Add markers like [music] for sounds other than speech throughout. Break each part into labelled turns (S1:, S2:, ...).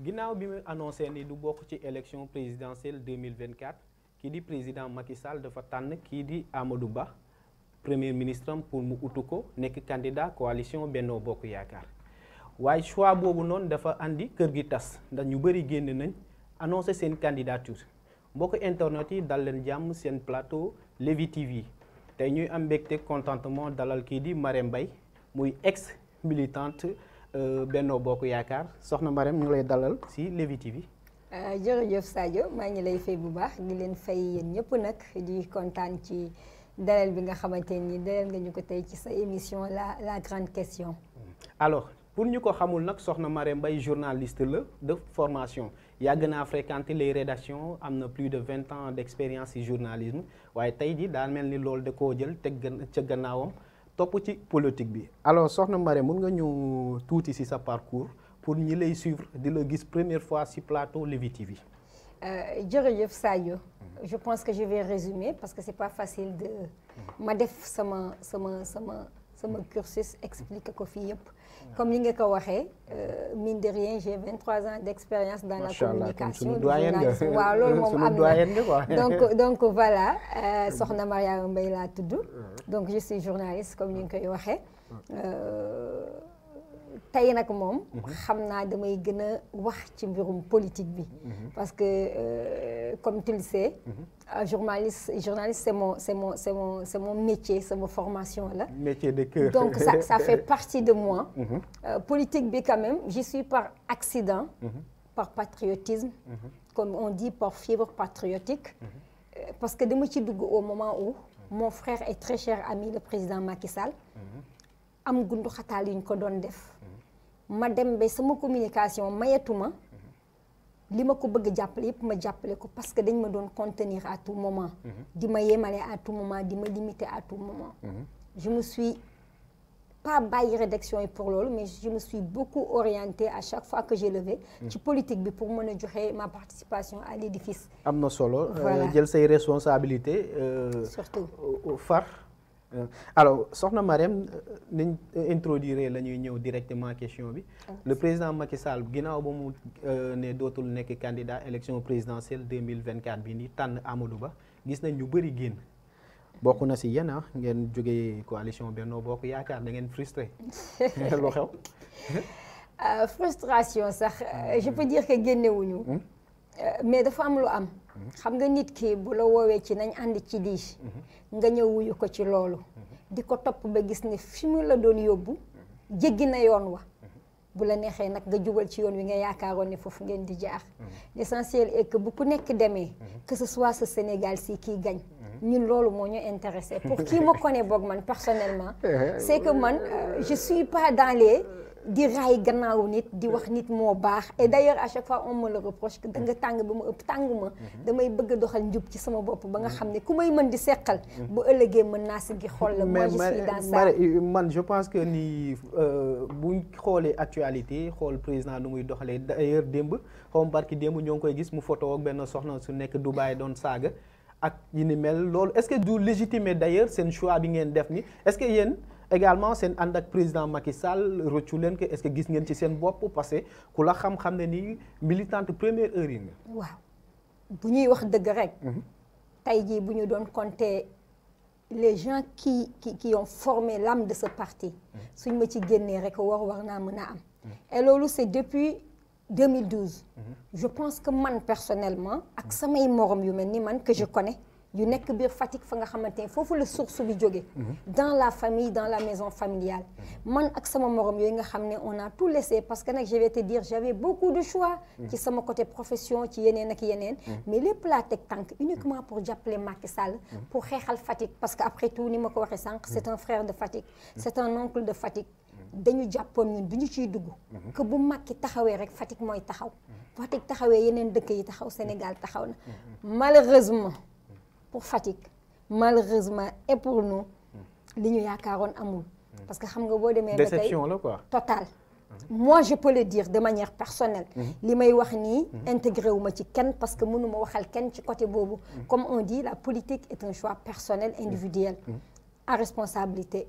S1: ginnaaw bi mu annoncé ni du bokk ci élection présidentielle 2024 kii di président Macky Sall dafa tànn kii di Amadou Ba premier ministre pour mu utu ko nekk candidat coalition Benno Bokk Yaakaar waaye choix boobu noonu dafa indi kër gi tas ndax ñu bëri génn nañ annoncé seen candidature mbokk internet yi dal leen jàmm seen plateau Levi TV tey ñuy am mbégte contentement dalal kii di Marème Mbaye muy ex militante euh, Benno Bokk Yaakaar soxna Marème ñu lay dalal si Lévi TV.
S2: Euh, jërëjëf Sadio maa ñi lay fay bu baax di leen fay yéen ñëpp nag di kontaan ci dalal bi nga xamante ni dalal nga ñu ko tey ci sa émission la la grande question.
S1: alors pour ñu ko xamul nag soxna Marème Mbaye journaliste la de formation. yàgg naa fréquenter les rédactions am na plus de vingt ans d' expérience ci journalisme waaye tey jii daal mel ni loolu da koo jël teg ca gannaawam topp ci politique bi. alors soxna Marème mun nga ñëw tuuti si sa parcours pour ñi lay suivre di la gis première fois ci plateau Lévi TV.
S2: saa Sadio. je pense que je vais résumer parce que c'est pas facile de. ma def sama sama sama. sama cursus expliqué ko fii yëpp comme ni nga ko waxee euh, mine de rien j'ai vingt trois ans d'expérience dans la communication waaw loolu [laughs] moom am na [laughs] donc donc voilà euh, soxna Mariama Mbaye laa tudd donc je suis journaliste comme ni nga koy waxee euh, tey nag moom. Mhm. xam naa damay gën a wax ci mbirum politique bi. Mhm. parce que euh, comme tu le sais. Mhm. journaliste journaliste c'est mon c'est mon c'est mon sama formation la
S1: métier donc ça ça fait
S2: [laughs] partie de moi. Euh, politique bi quand même j'y suis par accident. par patriotisme. comme on dit par fibre patriotique. Euh, parce que dama ci dugg au moment où. mon frère et très cher ami le président Macky Sall. am gundu xataal yu ko doon def. ma dem ba sama communication mayatuma li ma ko bëgg jàppale yëpp ma jàppale ko parce que dañ ma doon contenir à tout moment mhm. di ma yemale à tout moment di ma limiter à tout moment mhm. je me suis pas bàyyi rédaction yi pour loolu mais je me suis beaucoup orientée à chaque fois que j'ai levé mhm. ci politique bi pour mën a joxe ma participation à l'édifice
S1: am na solo euh, jël say responsabilité euh, surtout euh, far Euh, alors soxna Marème euh, niñ euh, introduire la ñuy ñëw directement question bi le président Macky Sall ginnaaw ba mu ne dootul nekk candidat élection présidentielle 2024 bi ni tànn Amadou Ba gis nañ ñu bëri génn bokk na si yéen ah, ngeen jógee coalition Benno Bokk Yaakaar da ngeen frustré lu [laughs]
S2: xew frustration sax je hmm. peux dire que génnewuñu hmm. mais dafa am lu am xam nga nit ki bu la woowee ci nañ ànd ci lii mhm. nga ñëw wuyu ko ci loolu mhm. di ko topp ba gis ne fi mu la doon yóbbu mhm. jéggi na yoon wa bu la neexee nag nga jugal ci yoon wi nga yaakaaroon ne foofu ngeen di jaar l'essentiel est bu ku nekk demee que ce soit ce Sénégal si kii gañ ñun loolu moo ñu intéressé pour qui [laughs] me connaît boog man personnellement eh, c'est que man euh, euh, je suis pas dans les euh, di raay gannaaw nit di wax nit moo baax et d'ailleurs à chaque fois on me reproche que tàng ba ma ëpp tàng ma mhm. damay bëgg a doxal njub ci sama bopp ba nga mhm. xam ne ku may man di seqal mhm. bu ëllëgee mën naa si gi xool la moi je suis dans
S1: man je pense que ni euh, buñ xoolee actualité xool président nu muy doxalee d'ailleurs démb xawma barki démb ñoo ngi koy gis mu photo ak benn soxna su nekk du Dubaï doon saaga ak yi ni mel loolu est-ce que du légitimer d'ailleurs seen choix bi ngeen def ni est que yéen également seen ànd ak président Macky rëccu leen que est-ce que gis ngeen ci seen bopp parce que ku la xam-xam ne nii militante première heure yi nga.
S2: waaw bu ñuy wax dëgg rek. Mhm. tey jii bu ñu doon compter les gens qui ki qui ont formé l'âme de ce parti. Mhm. suñ ma ci génnee rek war war naa mën a am. Mhm. et loolu c'est depuis 2012. je pense que man personnellement. ak samay morom yu mel ni man que je connais. yu nekk biir Fatick fa nga xamante ne foofu la source bi jóge mhm. dans la famille dans la maison familiale mhm. man ak sama moroom yooyu nga xam ne on a tout laissé parce que nag je vais te dire j'avais beaucoup de choix mhm. ci sama côté profession ci yeneen ak yeneen mais lépp laa teg tànk uniquement pour jàppale Macky Sall pour xeexal Fatick parce que après tout ni ma ko waxee sànq c'est un frère de Fatick c'est un oncle de Fatick dañu jàppoon ñun du ñu ciy dugg que bu Macky taxawee rek Fatick mooy taxaw Fatick taxawee yeneen dëkk yi taxaw Sénégal taxaw na malheureusement pour Fatick malheureusement et pour nous li ñu yaakaaroon amul. Mm. parce que xam nga boo demee. ba tey déception la quoi total. Mm. moi je peux le dire de manière personnelle. Mm-hmm. li may wax nii. Mm-hmm. intégré wu ma ci kenn parce que mënu ma waxal kenn ci côté boobu. Mm-hmm. comme on dit la politique est un choix personnel individuel. à responsabilité.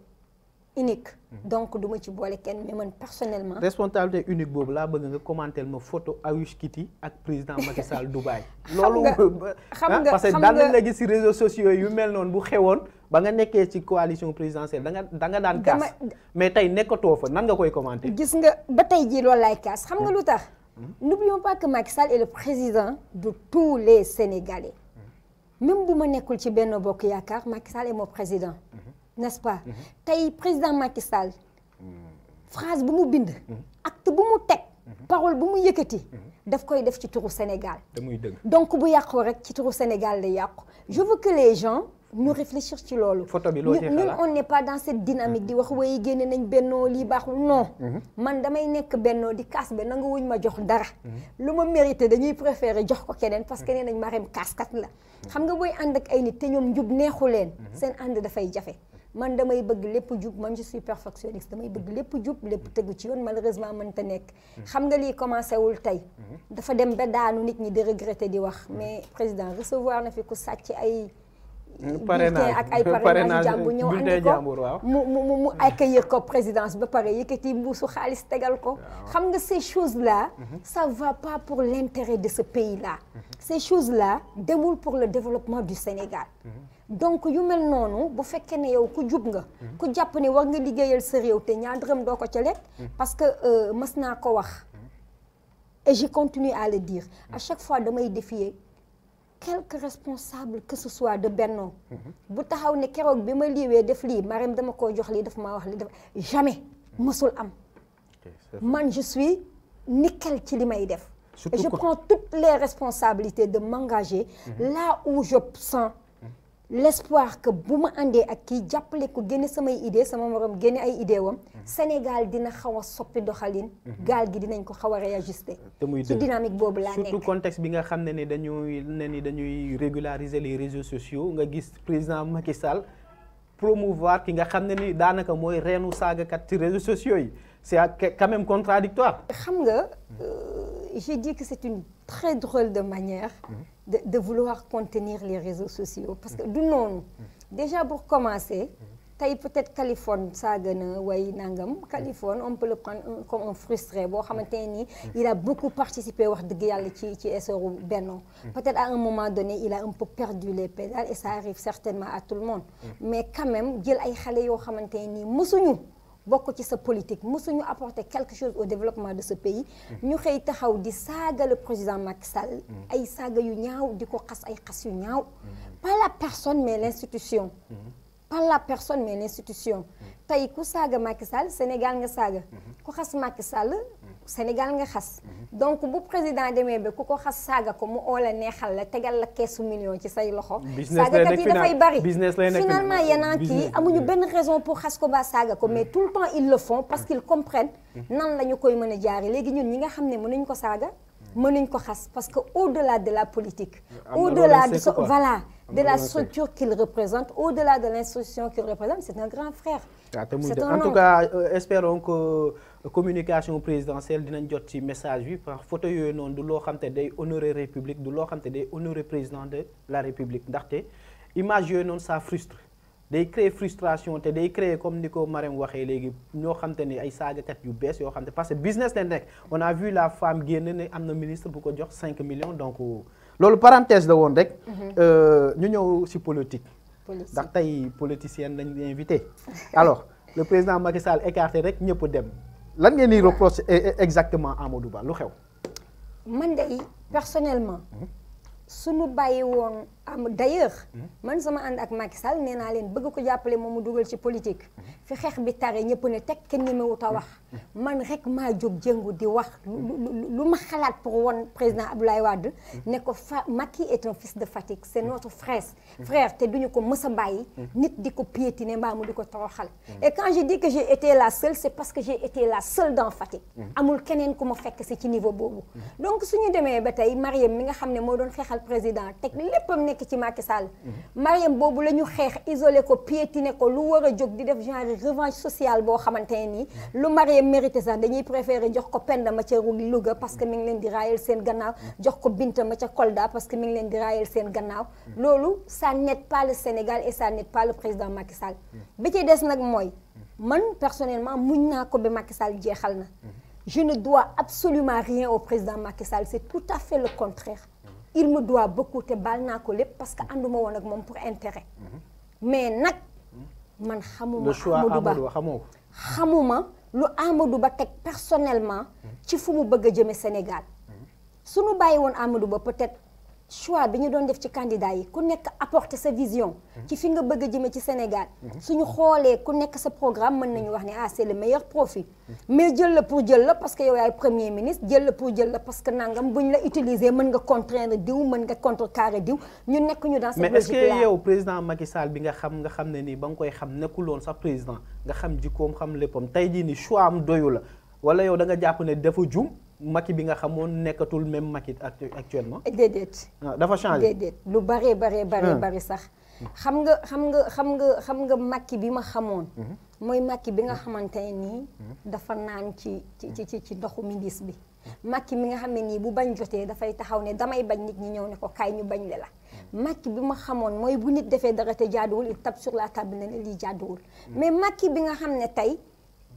S2: unique. donc duma ci boole kenn mais man personnellement.
S1: responsabilité unique boobu laa bëgg nga commenter ma photo Ayush Kiti ak président Macky [laughs] Sall Dubaï. loolu xam nga [laughs] ah, parce que daan la gis si réseaux sociaux yu mel noonu bu xewoon ba nga nekkee ci coalition présidentielle da nga da nga daan kaas. mais tey nekkatoo fa nan nga koy commenter. gis nga ba tey jii loolu laay
S2: kaas xam nga hmm. lu tax. Hmm. n'oublions pas que Macky Sall est le président de tous les Sénégalais. Hmm. même bu ma nekkul ci benn bokk yaakaar Macky Sall moo président. n'est-ce pas tey président Macky Sall phrase bu mu bind acte bu mu teg parole bu mu yëkkati daf koy def ci turu Sénégal donc bu yàqoo rek ci turu Sénégal de yàqu je veux que les gens ñu réfléchir ci loolu
S1: ñun ah? on
S2: n'est pas dans cette dynamique di wax mhm. yi génne nañ bennoo lii baaxul non mhm. man damay nekk bennoo di kaas be nangu wuñ ma jox dara mhm. lu ma mérité dañuy préféré jox ko keneen parce que nee nañ Marème kaaskat la xam nga booy ànd ak ay nit te ñoom njub neexu leen seen ànd dafay jafe man damay bëgg lépp jub man je suis perfectionniste damay bëgg lépp jub lépp tegu ci yoon malheureusement mënta nekk. Hmm. xam nga lii commencé wul tey. Hmm. dafa dem ba daanu nit ñi di regretter di wax hmm. mais président recevoir na fi ku sàcc ay.
S1: parrainage ak ay parrainage [laughs] jàmbu ñëw andi ko
S2: mu mu mu accueillir ko présidence ba pare yëkkati mbuusu xaalis tegal ko ah, xam nga ces choses là ça va pas pour l'intérêt de ce pays là ces choses là demul pour le développement du Sénégal donc yu mel noonu bu fekkee ne yow ku jub nga. Mhm. ku jàpp ni war nga liggéeyal sa réew te ñaar dërëm doo ko ca lekk. Mhm. parce que euh, mës naa ko wax. Mhm. et je continue à le dire à chaque fois damay défier quelque responsable que ce soit de bennoo bu taxaw ne keroog bi ma liiwee def lii Marème dama ko jox lii daf maa wax lii daf jamais mësul am. man je suis ci li may def. et je prends toutes les responsabilités de m'engager là où je sens. l'espoir que bu ma indee ak kii jàppale ko génne samay idée sama morom génne ay idée wam mhm. Sénégal dina xaw a soppi doxalin mhm. gaal gi dinañ ko xaw a réajuster euh, te muy ci dynamique
S1: boobu laa nekk surtout contexte bi nga xam ne ni dañuy ne ni dañuy régulariser les réseaux sociaux nga gis président Macky Sall promouvoir ki nga xam ne ni daanaka mooy reenu saagakat ci réseaux sociaux yi c'est quand même contradictoire xam nga euh, je dis
S2: que c'est une très drôle de manière mhm. de, de vouloir contenir les réseaux sociaux parce que mhm. du noonu mhm. déjà pour commencer tey peut-être Californie saa gën a way nangam Californie on peut le prendre comme un frustré boo xamante ni il a beaucoup participé wax dëgg yàlla ci ci essoru Benno peut-être à un moment donné il a un peu perdu les pédales et ça arrive certainement à tout le monde mais quand même jël ay xale yoo xamante nii mosuñu bokk ci sa politique mosuñu apporter quelque chose au développement de ce pays ñu xëy taxaw di saaga le président Macky Sall mm. ay saaga yu ñaaw di ko xas ay xas yu ñaaw mm. pas la personne mais l'institution mm. pas la personne mais l'institution tey ku saaga Macky Sall Sénégal nga saaga mm-hmm. ku xas Macky Sall Sénégal nga xas. donc bu président demee ba ku ko xas saaga ko mu oola neexal la tegal la keesu million ci say loxo. saagakat yi dafay bari finalement yeneen kii amuñu benn raison pour xas ko ba saaga ko mais mm. tout le temps ils le font parce mm. qu'ils comprennent mm. nan la ñu koy mën jaar jaare léegi ñun ñi nga xam ne mënuñ ko saaga mënuñ ko xas parce que au delà de la politique au delà de voilà de la structure qu'il représente au-delà de l'institution qu'il représente c'est un grand frère.
S1: Ah, en tout cas euh, espéron que euh, communication présidentielle dinañ jot ci message bi par photo yooyu noonu du loo xam te day honorer république du loo xam te day honorer président de la république ndaxte image yooyu noonu ça frustre. day créer frustration te day créer comme ni ko Marème waxee léegi ñoo xam te ni ay saagakat yu bees yoo xam te parce que business lañ nekk on a vu la femme génn am na ministre bu ko jox 5 millions donc. Euh, loolu parenthèse la woon rek. Mhm. Euh, ñu ñëw si politique. ndax tey politicienne lañu invité. alors le président Macky Sall écarté rek ñëpp dem lan ngeen di reproche e, exactement Amadou Ba lu xew.
S2: man de personnellement. Mhm. suñu bàyyi woon. am ah, d'ailleurs man sama ànd ak Macky Sall nee naa leen bëgg ko jàppale moom mu dugal ci politique fi xeex bi tare ñëpp ne teg kenn ñemewut a wax man rek maa jóg jëngu di wax lu ma xalaat pour won président Abdoulaye Wade ne ko fa Macky est un fils de Fatick c'est notre frère frère te duñu ko mës a bàyyi nit di ko piétiner mbaa mu di ko toroxal et quand je dis que j'ai été la seule c'est parce que j'ai été la seule dans Fatick amul keneen ku ma fekk si ci niveau boobu donc suñu demee ba tey Mariam mi nga xam ne moo doon xeexal président nekk ci Macky Sall Mariam boobu la ñu xeex isolé ko piétiné ko lu war a jóg di def genre revanche sociale boo xamante ne nii lu Mariam mérité sax dañuy préféré jox ko Penda ma ca Louga parce que mi ngi leen di raayal seen gannaaw jox ko Binta ma ca Kolda parce que mi ngi leen di raayal seen gannaaw loolu ça n'aide pas le Sénégal et ça n'aide pas le président Macky Sall bi ci des nag mooy man personnellement muñ naa ko bi Macky Sall jeexal na je ne dois absolument rien au président Macky Sall c'est il me doit beaucoup te baal naa ko lépp parce que ma woon ak moom pour intérêt mais nag man xamuma Amadou Ba xamuma lu Amadou Ba teg personnellement ci fu mu bëgg a jëme Sénégal su suñu bàyyi woon Amadou Ba peut-être choix bi ñu doon def ci candidat yi ku nekk apporter sa vision. Mhm. ci fi nga bëgg a jëmee ci Sénégal. Mhm. suñu xoolee ku nekk sa programme mën nañu wax ne ah c'est le meilleur profil. Mhm. mais jël la pour jël la parce que yow yaay premier ministre jël la pour jël la parce que nangam buñ la utiliser mën nga contraindre diw mën nga contrecarrer diw ñu nekk ñu dans cette logique là mais est-ce que président
S1: Macky Sall bi nga xam nga xam ne nii ba nga koy xam nekkuloon sax président nga xam jikkoom xam léppam tey jii nii choix am doyu la wala yow da nga jàpp ne dafa jum. Macky bi nga xamoon nekkatul même Macky actuellement. Eh, déedéet. Ah, dafa changé déedéet
S2: lu baree baree baree ah. bari sax. xam nga xam nga xam nga xam nga Macky bi ma xamoon. Mhm. mooy Macky bi nga mhm. xamante ne nii. Mhm. dafa naan ci ci ci ci ndoxu ministre bi. Macky mi nga xam ne nii bu bañ jotee dafay taxaw ne damay bañ nit ñi ñëw ne ko kaay ñu bañ le la. Macky bi ma xamoon mooy bu nit defee dara te jaaduwul il tape sur la table ne lii jaaduwul. mais Macky bi nga xam ne tey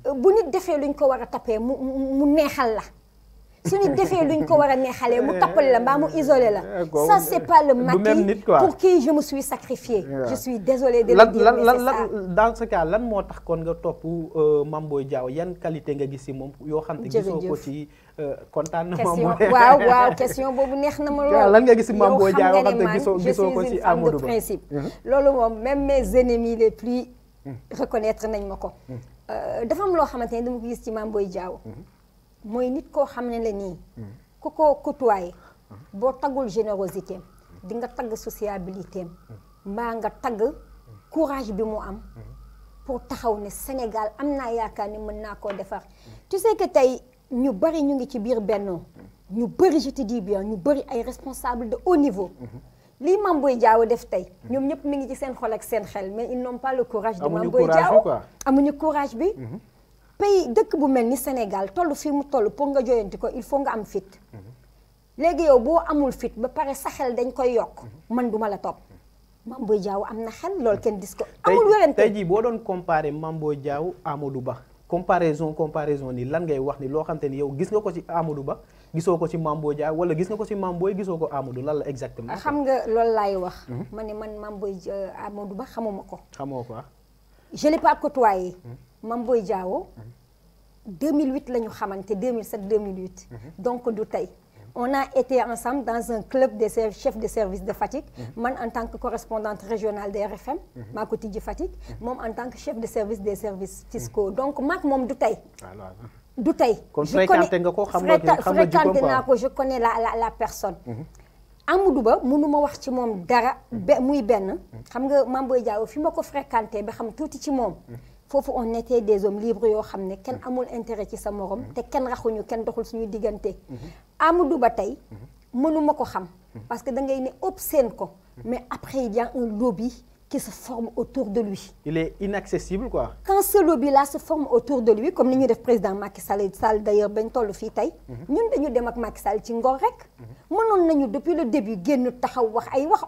S2: bu nit defee luñ ko war a tapee mu mu neexal la. suñu defee luñ ko war a neexalee mu tappale la mbaa mu isolé la eh, ça c'est pas le Macky pour qui je me suis sacrifié je suis désolé de lan lan lan lan
S1: dans ce cas lan moo tax kon nga topp euh, Mame jaaw Diao yan qualité nga gis si moom yoo xam ne gisoo ko ci euh, kontaan na ma waaw waaw
S2: question boobu neex na ma [laughs] lool lan nga gis si Mame Boye Diao yoo gisoo gisoo ko ci Amadou Ba principe mhm. loolu moom même mes ennemis mhm. nañ ma ko mhm. euh, dafa am loo xamante ne dama ko gis ci Mame mooy nit koo xam ne la nii hmm. ku ko côtoyé boo taggul générosité di nga tagg sociabilité am hmm. mbaa nga tagg hmm. courage bi mu am pour taxaw ne Sénégal am naa yaakaar ni mën naa koo defar tu sais que tey ñu bëri ñu ngi ci biir bennoo ñu bëri je te dis ñu bëri ay responsable de haut niveau lii Mame Boye jaawa def tey ñoom ñëpp mi ngi ci seen xol ak seen xel mais ils n'ont pas le courage de Mame Boye Diao amuñu courage bi pays dëkk bu mel ni Sénégal toll fii mu toll pour nga joyanti ko il faut nga am fit mhm. léegi yow boo amul fit ba pare sa xel dañ koy yokk mhm. man duma la topp mhm. Mame Boye Diao am na xel
S1: loolu kenn dis ko amul wérante jii boo doon comparé Mame Boye Diao Amadou Ba comparaison comparaison ni lan ngay wax ni loo xam ne yow gis nga ko ci Amadou Ba gisoo ko si Mame Boye Diao wala gis nga ko si Mame Boye gisoo ko Amadou lan la exactement ah, xam
S2: nga loolu laay wax ma ne man Mame Boye Amadou Ba xamuma ko xamoo ko ah? je l'ai pas côtoyé Mame Boye Diao 2008 la ñu xamante 2007 2008. Mhm. donc du tey. on a été ensemble dans un club des chefs de service de Fatick. Mhm. man en tant que correspondante régionale des RFM. Mhm. maa ko tijji Fatick. moom en tant que chef de service des services ko donc maak moom du tey. du tey. kon fréquenté nga ko xam nga fréquenté naa ko je connais la la la personne. Amadou Ba mënuma wax ci moom dara. be muy benn. xam nga Mame Boye Diao fi ma ko fréquenté ba xam tuuti ci moom. foofu on était des hommes libre yoo xam ne kenn mm. amul intérêt ci sa morom mm. te kenn raxuñu kenn doxul suñu diggante mm-hmm. du Ba tey mm-hmm. mënuma ko xam mm-hmm. parce que da ngay ne obscène ko mais après il y a un lobby qui se forme autour de lui
S1: il est inaccessible quoi
S2: quand ce lobby là se forme autour de lui comme ni ñu def président Macky Sall Sall d'ailleurs bañ tollu fii tey ñun dañu dem ak Macky Sall ci ngor rek mënoon nañu depuis le début génn taxaw wax ay wax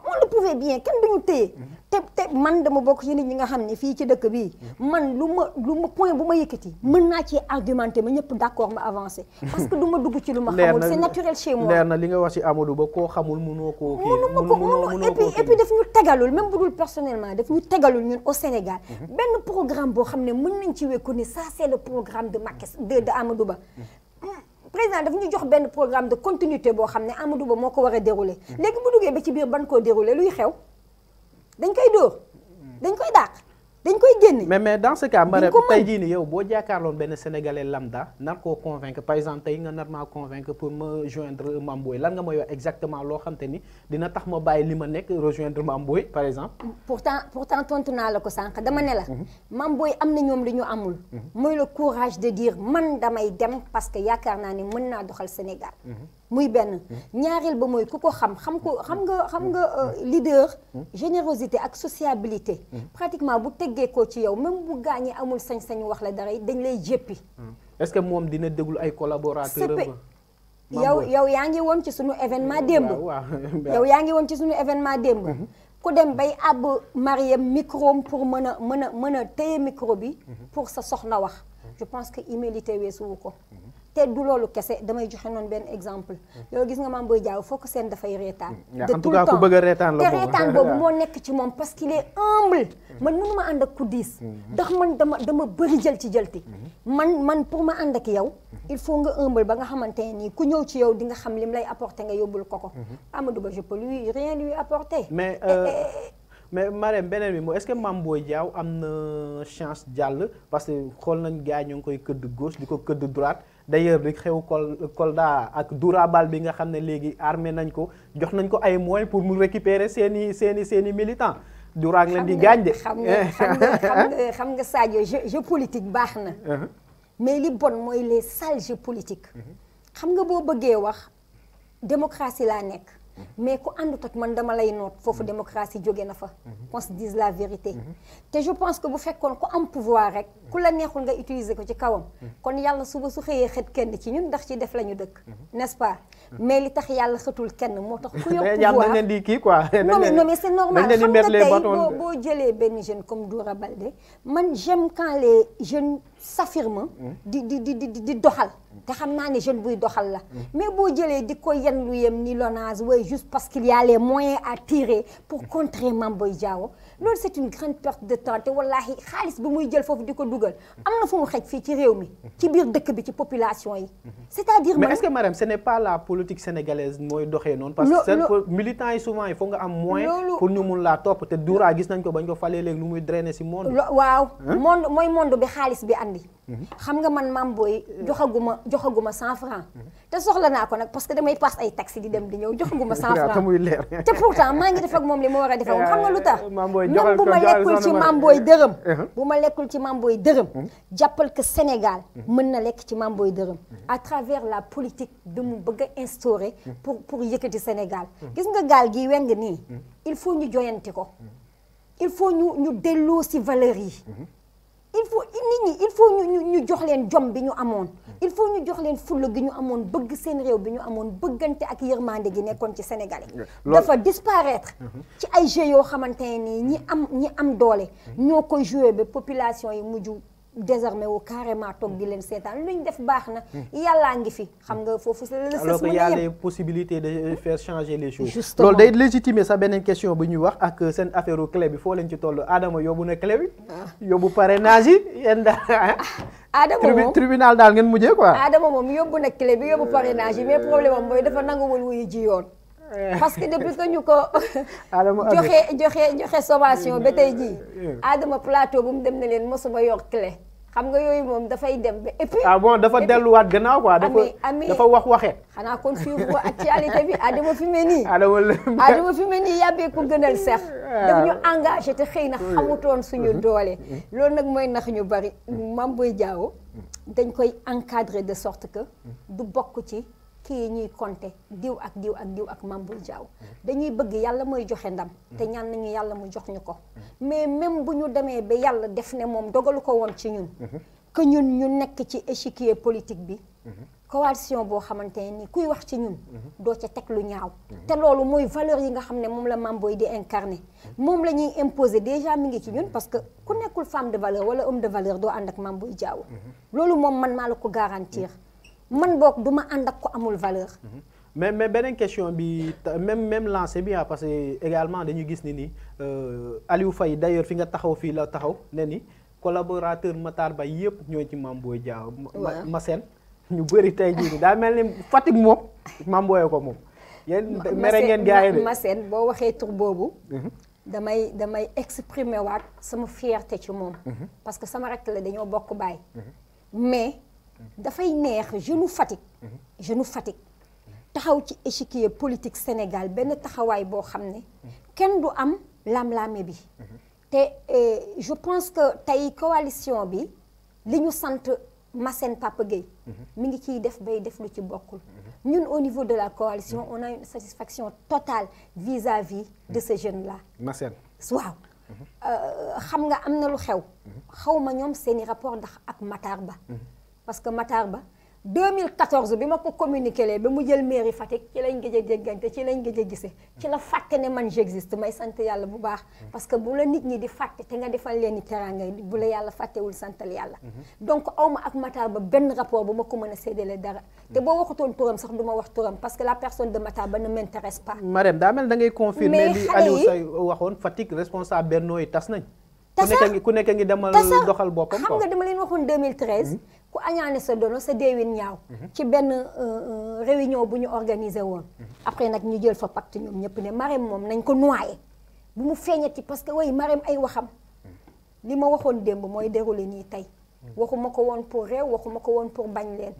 S2: bien kenn duñu téye te te man dama bokk ci nit ñi nga xam ne fii ci dëkk bii man lu ma lu ma point bu ma yëkkati mën naa ci argumenté ma ñëpp d'accord ma avancé [laughs] parce que lu ma dugg ci lu ma xamul c'est naturel chez moi leer na
S1: li nga wax ci Amadou Ba koo xamul mënoo koo kii ma ko mënu et puis et
S2: puis daf ñu tegalul même bu dul personnellement daf ñu tegalul ñun au Sénégal mhm. benn xam ne mën nañ ci wekku ne ça c'est le programme de Macky de de Amadou Ba mhm. mm. président daf ñu jox benn programme de continuité boo xam ne Amadou Ba moo ko war a déroulé mhm. léegi bu duggee ba ci biir ban koo déroulé luy xew dañ koy
S1: dóor dañ koy dàq dañ koy génne. mais mais dans ce cas Marème tey jii nii yow boo jàkkaarloon benn sénégalais lambda nar koo convaincre par exemple tey nga nar maa convaincre pour ma joindre Mame Boye lan nga ma wax exactement loo xam ni dina tax ma bàyyi li ma nekk rejoindre Mame Boye par exemple.
S2: pourtant pourtant tontu naa la ko sànq dama ne la. Mhm. Mame Boye am na ñoom li ñu amul. Mhm. mooy le courage de dire man damay dem parce que yaakaar naa ni mën naa doxal Sénégal. Mhm. muy benn ñaareel ba mooy ku ko xam xam ko xam nga xam nga euh, leader générosité ak sociabilité pratiquement bu teggee ko ci yow même bu gaañee amul sañ-sañu wax la dara dañ lay jéppi
S1: hmm. est que moom dina déglu ay collaborateurs yow yow
S2: yaa ngi woon ci suñu événement démb [laughs] yow yaa ngi woon ci suñu événement démb hmm. ku dem bay àbb Mariam micro pour mën a mën a mën a téye micro bi hmm. pour sa soxna wax je pense que humilité weesuwu ko te du loolu kese damay joxe noonu benn exemple yow gis nga maam booy jaaw foog seen dafay reetaan mm. de tout le temps te reetaan [laughs] boobu moo nekk ci moom parce qu'il est humble man mënu ma ànd ak ku diis mm-hmm. ndax man dama dama bëri jël ci ti mm-hmm. man man pour ma ànd ak yow mm-hmm. il faut nga humble ba nga xamante nii ku ñëw ci yow di nga xam lim lay apporter nga yóbbul ko ko am Amadou Ba je peux lui rien lui apporter
S1: mais eh, euh, eh, eh. mais Marème beneen bi mooy est que Mame booy Diao am na chance jàll parce que xool nañ gars ñu ngi koy këdd gauche di ko këdd droite d'ailleurs li xew Kolda ak Dourabal bi nga xam ne léegi armé nañ ko jox nañ ko ay moyens pour mu récupérer seeni seeni seeni i seen i di gaañ de xam nga xam nga
S2: [laughs] xam nga Sadio jeu politique baax na. Uh-huh. mais li bon mooy les sales jeux politiques. Uh-huh. xam nga boo bëggee wax démocratie laa nekk. mais ku àndut ak man dama lay noot foofu mm-hmm. démocratie jóge na fa mm-hmm. qu'on se dise la vérité mm-hmm. te je pense que bu fekkoon ku am pouvoir rek ku la neexul nga utiliser ko ci kawam kon yàlla suba su xëyee xët kenn ci ñun ndax ci def la ñu dëkk n'est-ce pas mais li tax yàlla xëtul kenn moo tax ku [laughs] yor pouvoir leen
S1: di kii quoi [laughs] non mais non mais c'est normal xam nga tey
S2: boo jëlee benn jeune comme Doura Baldé man j'aime quand les jeunes s'affirme di di di di doxal te xam naa ne jeune buy doxal la mais boo jëlee di ko yen lu yem ni LONASE way juste parce qu'il y a les moyens à pour contrer Mame Boye Diao loolu c'est une grande perte de temps te wallaahi xaalis bi muy jël foofu di ko dugal am na fu mu xej fii ci réew mi ci biir dëkk bi ci population yi c'est-à-dire mais est-ce que
S1: madame ce n'est pas la politique sénégalaise mooy doxee noonu parce que militants yi souvent il faut nga am moyen pour ñu mun laa topp te Doura gis nañ ko bañ ko falee léegi lu muy drainer si monde waaw monde
S2: mooy monde bi xaalis bi andi xam nga man maam booy joxaguma joxaguma cent franc mhm. te soxla naa ko nag parce que damay paas ay taxi di dem di ñëw joxaguma cent [laughs] franc te pourtant maa ngi def ak moom li ma war a def ak moom xam nga lu tax [laughs] même bu ma lekkul ci maam dërëm uh-huh. bu ma lekkul ci maam booy dërëm uh-huh. jàppal que Sénégal uh-huh. mën na lekk ci maam booy dërëm à travers la politique de mu bëgg a instaurer pour pour yëkkati Sénégal gis nga gaal gi weng nii il faut ñu joyanti ko il faut ñu ñu delloo si valeurs yi il faut nit ñi il faut ñu ñu jox leen jom bi ñu amoon il faut ñu jox leen fulla gi ñu amoon bëgg seen réew bi ñu amoon bëggante ak yërmande gi nekkoon ci sénégal sénégalais dafa disparaître mhm. ci ay jeux yoo xamante ne nii ñi am ñi am doole mhm. ñoo koy joué ba population yi mujju désarmé wu carrément toog di leen seetaan luñ def baax na. yàllaa ngi fi xam nga foofu. alors que y a les
S1: possibilités de faire changer les choses. justement loolu day légitimer sa beneen question bu ñuy wax ak seen affaire clé bi foo leen ci toll Adama yóbbu na clé bi. Ah. yóbbu parrainage yi yéen daal. Ah, Adama moom tribunal daal ngeen mujjee quoi.
S2: Adama moom yóbbu na clé bi yóbbu parrainage yi mais problème am mooy dafa nanguwul wuyu ji yoon. Eh. parce que depuis que ñu ko joxe joxe joxe sommation ba tey jii eh. Adama plateau bu mu dem na leen mosuma yor clé. xam nga yooyu moom dafay dem ba et ah bon dafa delluwaat
S1: gannaaw quoi. dafa dafa wax waxee.
S2: xanaa kon suivre actualité bi
S1: Adama ah fi mu nii. Adama ah, Adama ah,
S2: fi mu ne nii yàbbee ko gënal sax. daf ñu engagé te xëy na xamutoon suñu mhm. doolee mhm. loolu nag mooy nax ñu bari. Mame Boye Diao mhm. dañ koy encadrer de sorte que du bokk ci. kii ñuy compter diw ak diw ak diw ak Mame Boye Diao dañuy bëgg yàlla mooy joxe ndam te ñaan nañu yàlla mu jox ñu ko mais même bu ñu demee ba yàlla def ne moom dogalu ko woon ci ñun que ñun ñu nekk ci échiquier politique bi coalition boo xamante nii kuy wax ci ñun doo ca teg lu ñaaw te loolu mooy valeur yi nga xam ne moom la Mame Boye di incarné moom la ñuy imposer déjà mi ngi ci ñun parce que ku nekkul femme de valeur wala homme de valeur doo ànd ak Mame Boye Diao loolu moom man maa la ko garantir man boog du ma ànd ak ko amul valeur.
S1: Mhm. mais mais beneen question bi même même lancé bi ah parce que également dañu gis ni ni euh, Aliou fay d'ailleurs fi nga taxaw fii la taxaw ne ni collaborateur Matar Ba yëpp ñoo ci Mame Boye Diao. ñu bëri tey jii nii mel ni Fatick moom Mame Boye ko moom. yéen mere ngeen gars yi de ma
S2: seen boo waxee tur boobu. Mhm. damay damay exprimer waat sama fierté ci moom. Mhm. parce que sama rakk la dañoo bokk baay. mais. dafay neex jeune Fatick jeune Fatick taxaw ci échiquier politique Sénégal benn taxawaay boo xam ne kenn du am lam-laame bi te eh, je pense que tey coalition bi li ñu sant Massène Papa mu ngi ciy def bay def lu ci bokkul ñun au niveau de la coalition on a une satisfaction totale vis-à-vis de ces jeunes là Massène waaw euh, xam nga am na lu xew xaw ma ñoom seeni rapport ndax ak Matar Ba parce que Matar Ba 2014 bi ma ko communiqué lee ba mu jël mairie Fatick ci lañ gëj a ci lañ gëj a ci la fàtte ne man j'existe may sant yàlla bu la nit ñi di fàtte te bu la yàlla fàttewul mhm. Ba benn rapport bu ma ko mën a séddale dara te boo waxutoon turam sax du wax turam parce que la personne de Matar Ba ne m'intéresse pas Marème
S1: daa mel da ngay li Aliou Say waxoon Fatick responsable Benno tas nañ ku ku nekk ngi
S2: ku añaane sa dono sa déewin ñaaw mhm. ci benn euh, euh, réunion bu ñu organisé woon mhm. après nag ñu jël fa pacte ñoom ñëpp ne Marème moom nañ ko noyé bu mu feeñati parce que way Marème ay waxam mhm. li ma waxoon démb mooy déroulé nii tey waxuma ko woon pour réew waxuma ko woon pour bañ leen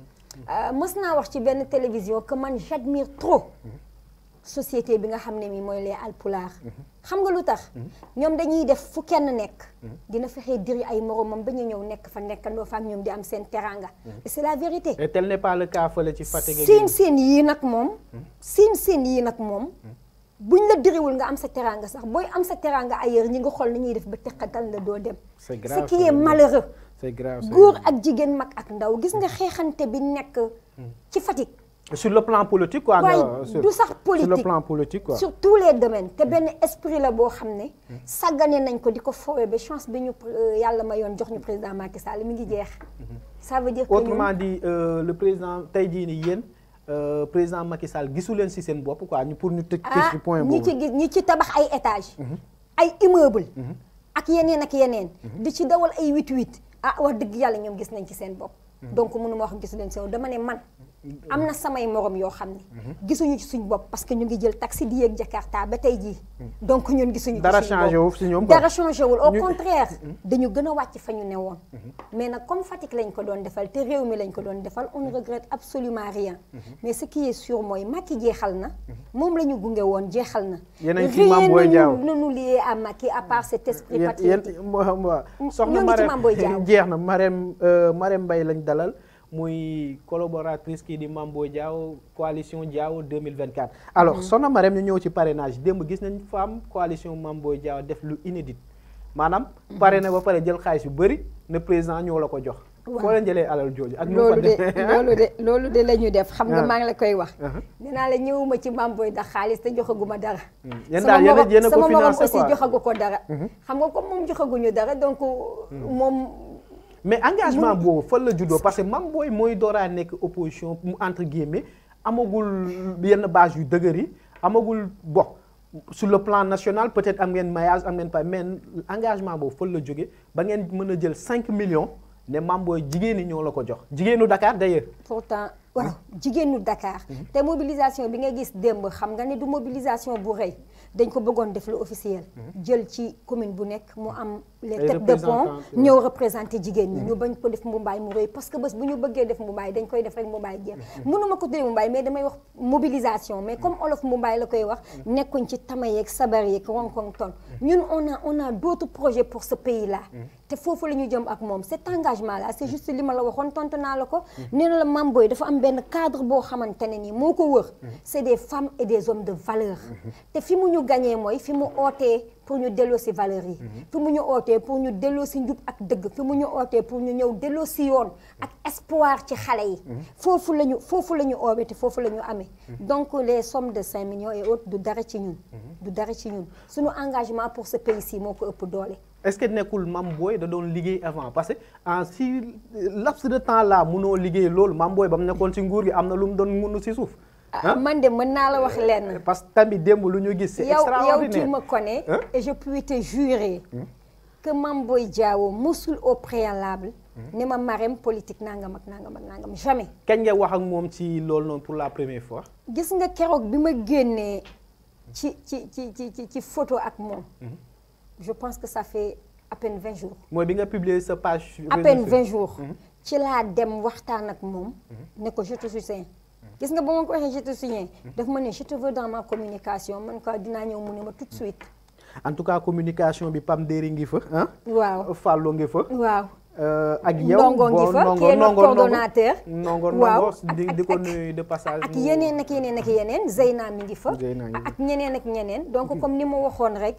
S2: euh, mës naa wax ci benn télévision que man j'admire trop société bi nga xam ne mi mooy les alpulaar mhm. xam nga lu tax mhm. ñoom dañuy def fu kenn nekk mhm. dina fexee diri ay moromam ba ñu ñëw nekk fa nekkandoo fa ñoom di am seen teranga et c'est la vérité
S1: et tel n'est pas le cas fële ci Fatick siin
S2: siin yii nag moom siin siin yii nag moom buñ la diriwul nga am sa teranga sax booy am sa ay ailleurs ñi nga xool ni ñuy def ba teqatal la doo dem ce qui est malheureux
S1: c'est grave góor
S2: ak jigéen mag ak ndaw gis nga xeexante bi nekk ci Fatick
S1: sur le plan politique quoi. waaye du sax
S2: politique sur tous les domaines te benn esprit la boo xam ne. sàggane nañ ko di ko fowe ba chance bi ñu euh, yàlla ma yoon jox ñu président Macky Sall mi ngi jeex. sa veut dire
S1: que autrement dit euh, le président tey jii nii yéen. Euh, président Macky Sall gisu leen ci seen bopp quoi ñu pour ñu tëj ci ah, point boobu ñi ci gis ñi ci tabax ay étage mhm. ay immeuble mhm.
S2: ak yeneen ak yeneen mhm. di ci dawal ay huit huit ah wax dëgg yàlla ñoom gis nañ ci seen bopp donc mënuma wax gisu leen seen dama ne man am na samay moroom yoo xam ne gisuñu ci suñ bopp parce que ñu ngi jël taxi di yéeg ba tey jii donc ñun gisuñu dara changé wul si ñoom dara changé wul au contraire mm-hmm. dañu gën a wàcc fa ñu ne woon mm-hmm. mais na comme Fatick lañ ko doon defal te réew mi lañ ko doon defal on ne regrette absolument rien mm-hmm. mais ce qui est sûr mooy makki jeexal na moom la ñu gunge woon jeexal na rien ne nous lié à Macky à part cet
S1: esprit patriotique soxna [laughs] Marème [laughs] jeex na Marème euh, mbay Mbaye lañ dalal muy collaboratrice kii di Mambo Diaw coalition Diaw 2024. alors mhm. Soxna Marème ñëw ci parrainage démb gis nañ femme coalition Mambo jaaw def lu inédit maanaam. Mhm. na ba pare jël xaalis yu bëri ne président ñoo la ko jox. waaw foo leen jëlee alal jooju ak. loolu de [laughs] loolu de
S2: loolu de la def. xam nga ah. maa ngi la koy wax. nee ah. naa la ñëwuma ci maam booy ndax xaalis te joxaguma dara.
S1: Hmm. yéen daal yéen a yéen a ko financé quoi sama morom aussi joxagu
S2: ko dara. Mhm. xam nga comme moom joxaguñu dara donc hmm. moom.
S1: mais engagement boobu fan la juddoo parce que Mame Boye mooy dooraa nekk opposition mu entre guillemets amagul yenn base yu dëgër yi amagul bon sur le plan national peut-être am ngeen maillage am ngeen pas mais engagement boobu fan la jóge ba ngeen mën a jël cinq millions ne Mame Boye jigéen ñi ñoo la ko jox jigéenu Dakar d'ailleurs.
S2: pourtant waaw jigéenu dakaar mhm. te mobilisation bi nga gis démb xam nga ne du mobilisation bu rëy dañ ko bëggoon def lu officiel. Mhm. jël ci commune bu nekk mu am. les têtes de pont ñëw représenté jigéen ñi ñu mm-hmm. bañ ko def Mumbaay mu rëy parce que bés bu ñu bëggee def Mumbaay dañ koy def rek Mumbaay jeex mm-hmm. mënuma ko tuddee Mumbaay mais damay wax mobilisation mais comme mm-hmm. olof Mumbaay la koy wax nekkuñ ci tamayeeg sabar yeeg ronkong ton ñun on a on a d'autres projet pour ce pays là te foofu la ñu jëm ak moom cet engagement là c'est juste li ma la waxoon tontu naa la ko nee na la Mame dafa am benn cadre boo xamante ne nii moo ko wër c'est des femmes et des hommes de valeur te fi mu ñu gañee mooy fi mu ootee pour ñu delloo si valeurs yi mhm. fi mu ñu ootee pour ñu delloo si njub ak dëgg fi mu ñu ootee pour ñu ñëw delloo si yoon ak espoir ci xale yi mhm. foofu la ñu foofu la ñu oowee te foofu la ñu amee mhm. donc les sommes de cinq millions et autres du dara ci ñun du dara ci ñun suñu engagement pour ce pays ci moo ko ëpp
S1: doole est-ce que nekkul Mame Boye da doon liggéey avant parce que en ah, si laps de temps là munoo liggéey loolu Mame Boye ba mu nekkoon si nguur gi am na lu mu doon munu si suuf Ah, man
S2: de mën naa la wax lenn. Eh,
S1: parce que tamit démb lu ñu gis. c'est extraordinaire yow yow tu me connais. et je puis te jurer. Hmm?
S2: que Mame Boye Diao musul préalable. Hmm? ni ma marème politique nangam ak nangam ak nangam jamais.
S1: kañ nga wax ak moom ci loolu noonu pour la première fois.
S2: gis nga keroog bi ma génnee ci ci ci ci ci ci photo ak moom. Hmm? je pense que ça fait à peine vingt jours.
S1: mooy bi nga publier sa page. à peine vingt jours.
S2: ci laa dem waxtaan ak moom. ne ko je te soutiens. gis nga ba ma ko waxee je te signé daf ma ne je te veux communication man quoi dinaa ñëw mu ne ma tout de suite.
S1: en tout cas communication bi Pam Déri ngi fa ah. waaw Fallou ngi fa. waaw. Euh, ak yow ndongo ngi fa kii notre coordonnateur. yeneen
S2: ak yeneen ak yeneen Zeyna mi
S1: ngi fa. ak
S2: ñeneen ak ñeneen donc [laughs] comme ni ma waxoon rek.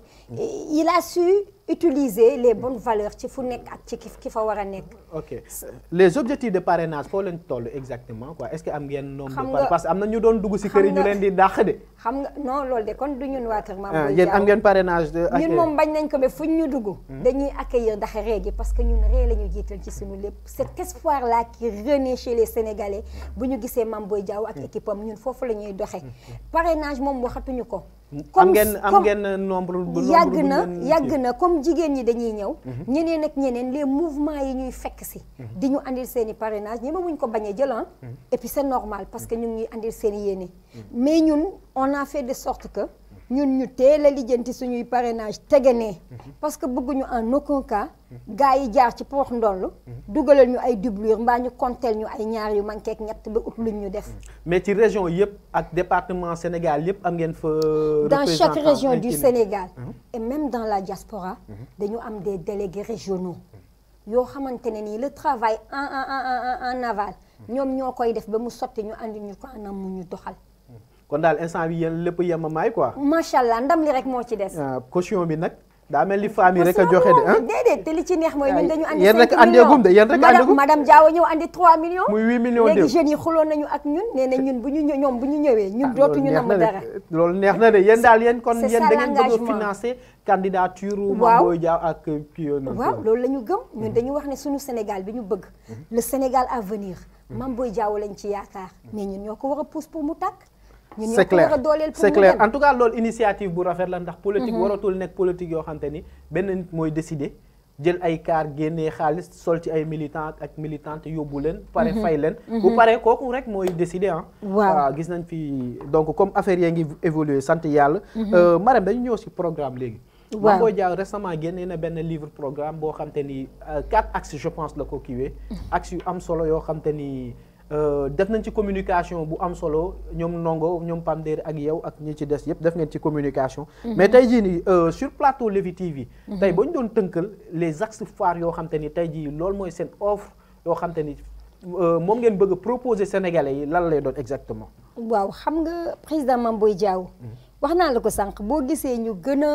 S2: il a su. utiliser les bon valeurs ci fu nekk ak ci ki fa war a nekk.
S1: ok les objectifs de parrainage foo leen toll exactement quoi est-ce que am ngeen. nombre de parce que dugg si kër yi ñu leen di dàq de.
S2: xam nga non loolu ah, moom bañ nañ ko ba fuñ ñu dugg. Hmm. dañuy accueillir ndax ree gi parce que ñun ree la ñu jiital ci suñu lépp cet espoir là qui renaît chez les Sénégalais bu ñu gisee Mame Boye Diao ak hmm. équipe am ñun foofu la ñuy doxee hmm. parrainage moom waxatuñu ko.
S1: am ngeen am ngeen nombre bu yàgg na yàgg
S2: na comme jigéen ñi dañuy ñëw mhm. ñeneen ak ñeneen les mouvements yi ñuy fekk si mhm. di ñu andil seen i parrainage ñeme wuñ ko bañ a jël ah. mhm. et puis c'est normal parce que ñu ngi ñuy andil seen i yéene mais ñun on a fait de sorte que ñun ñu teel a lijjanti suñuy tege teganee mhm. parce que bëgguñu en aucun cas mhm. gars yi jaar ci poox ndoll mhm. dugalal ñu ay doublure mbaa ñu konteel ñu ay ñaar yu manqué ak ñett ba ut luñ ñu def
S1: mais ci région yëpp ak département Sénégal yëpp am ngeen fa dans chaque région du Sénégal
S2: et dans la diaspora dañu am des délégués régionaux yoo xamante ne nii le travail en en en en ñoom ñoo koy def ba mu sotti ñu andi ñu ko anam mu ñu doxal
S1: kon daal instant bi yéen lépp yem a maay quoi.
S2: macha allah ndam li rek moo ci des.
S1: Ah, caution bi nag. daa mel ni famille rek a joxe de ah.
S2: déedéet te li ci neex mooy ah, ñun dañu andi. 5 millions yéen rek andeegum de yéen rek andeegum madame ñëw andi 3 millions. muy ñu ñoom ah,
S1: neex na de yéen daal kon yéen da ngeen bëgg a financer loolu
S2: la ñu gëm ñun mhm. dañu wax ne suñu Sénégal bi ñu bëgg. Mhm. le Sénégal à venir. Mhm. Mame Boye Diao lañ ci yaakaar mais ñun ñoo ko war a pousse pour mu tàkk
S1: c'est clair c'est clair en tout cas loolu initiative bu rafet la ndax politique mhm. waratul nekk politique yoo xamante ni benn nit mooy décider jël ay kaar génne xaalis sol ci ay militant ak militante yóbbu leen pare mhm. fay leen mhm. bu paree kooku rek mooy décider ah waaw gis nañ fi donc comme affaire yaa ngi évoluer sant yàlla euh, Marème dañu ñëw si programme léegi waaw Mame Boye Diao génnee na benn livre programme boo xam te ni euh, quatre axes je pense la ko kiiwee axes yu am solo yoo xam ni Euh, def nañ ci communication bu am solo ñoom Ndongo ñoom Pam ak yow ak ñi ci des yëpp def ngeen ci communication. Mhm. mais tey jii nii euh, sur plateau Levi TV. Mhm. tey ba ñu doon tënkal les axes phares yoo xam te ni tey jii loolu mooy seen offre yoo xam ni euh, moom ngeen bëgg a proposer yi lan lay doon exactement.
S2: waaw xam nga président Mame Boye Diao. Mhm. wax naa la ko sànq boo gisee ñu gën